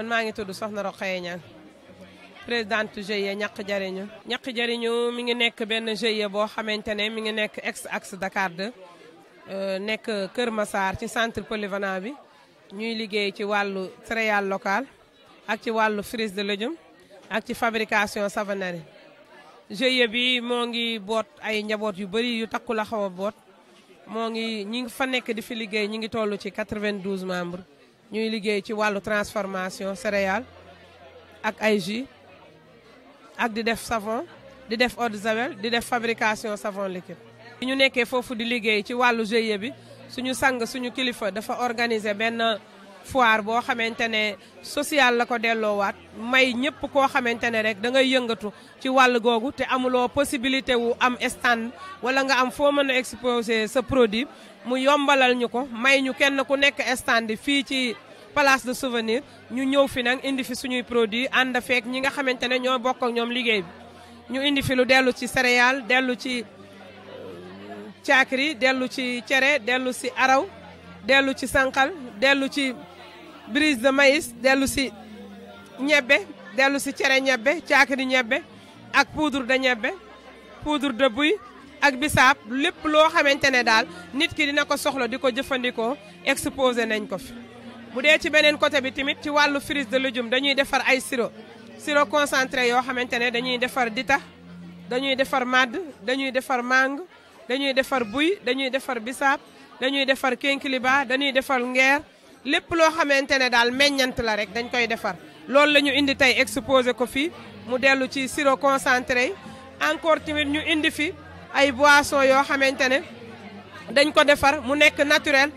man maa ngi tudd Soxna Rokhaya Niang présidente GIE ñàkk jariñu ñàkk jariñu mi ngi nekk benn GIE boo xamante ne mi ngi nekk ex axe Dakar 2 euh, nekk Kër Massar ci centre polyvalent bi ñuy liggéey ci wàllu céréales locales ak ci wàllu frise de légumes ak ci fabrication savonnerie GIE bi moo ngi boot ay njaboot yu bëri yu takkul a xaw a boot moo ngi ñi fa nekk di fi liggéey ñi ngi toll ci 92 membres ñuy liggéey ci wàllu transformation céréale ak ay ji ak di def savon di def eau de di def fabrication savon liquide ñu nekkee foofu di liggéey ci wàllu GIE bi suñu sang suñu kilifa dafa organiser benn foire boo xamante ne social la ko delloowaat may ñëpp koo xamante ne rek da ngay yëngatu ci wàll googu te amuloo possibilité wu am stand wala nga am foo mën a exposer sa produit mu yombalal ñu ko may ñu kenn ku nekk stand fii ci place de souvenir ñu ñëw fi nag indi fi suñuy produit ànd feek ñi nga xamante ne ñoo bokk ak ñoom liggéey bi ñu indi fi lu dellu ci céréales dellu ci caakri dellu ci cere dellu ci araw dellu ci sànqal dellu ci brise de maïs dellu si ñebbe dellu si cere ñebbe caakiri ñebbe ak poudre de ñebbe poudre de buy ak bisaab lépp loo xamante ne daal nit ki dina ko soxla di ko jëfandikoo exposé nañ ko fi bu dee ci beneen côté bi tamit ci wàllu frise de légumes dañuy defar ay sirop siro concentré yoo xamante ne dañuy defar dita dañuy defar màdd dañuy defar màng dañuy defar buy dañuy defar bisaab dañuy defar kinkiliba dañuy defar ngeer lépp loo xamante ne daal meññent la rek dañ koy defar loolu la ñu indi tey exposé ko fii mu dellu ci sirop yi encore tamit ñu indi fi ay boissons yoo xamante ne dañ ko defar mu nekk naturel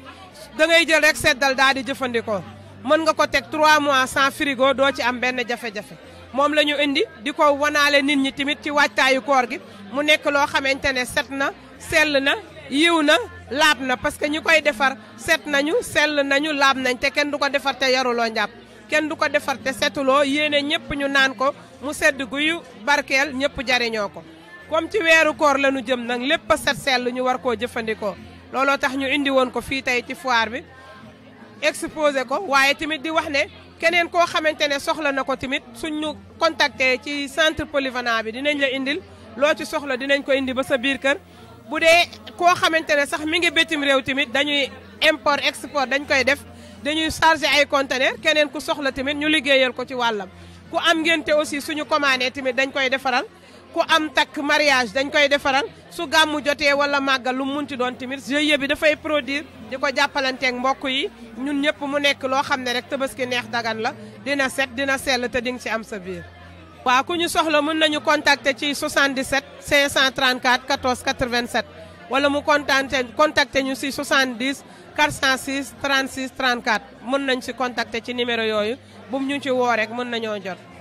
da ngay jël rek seddal daal di jëfandikoo mën nga ko teg 3 mois sans frigo doo ci am benn jafe-jafe moom la ñu indi di ko wanaale nit ñi tamit ci wàccaayu koor gi mu nekk loo xamante ne set na sel na yiw na laab na parce que ñi koy defar set nañu sell nañu laab nañ te kenn du ko defar te yaruloo njàpp kenn du ko defar te setuloo yéene ñëpp ñu naan ko mu sedd guyu barkeel ñëpp jariñoo ko comme ci weeru koor la ñu jëm nag lépp a set sell ñu war koo jëfandikoo looloo tax ñu indi woon ko fii tey ci foire bi exposé ko waaye tamit di wax ne keneen koo xamante ne soxla na ko tamit suñ ñu contacter ci centre polyvalent bi dinañ la indil loo ci soxla dinañ ko indi ba sa biir kër bu dee koo xamante ne sax mi ngi bitim réew tamit dañuy import export dañ koy def dañuy chargé ay conteneur keneen ku soxla tamit ñu liggéeyal ko ci wàllam ku am ngénte aussi suñu commandé tamit dañ koy defaral ku am takk mariage dañ koy defaral su gàmmu jotee wala màggal lu ci doon tamit GIE bi dafay produir di ko jàppalanteek mbokk yi ñun ñëpp mu nekk loo xam ne rek tabaski neex dagan la dina set dina sell te di nga ci am sa biir waaw ku ñu soxla mën nañu contacter ci 77 534 14 87 wala mu contacter contacter ñu si 70 406 36 34 mën nañ si contacter ci numéro yooyu bu ñu ci woo rek mën nañoo jot.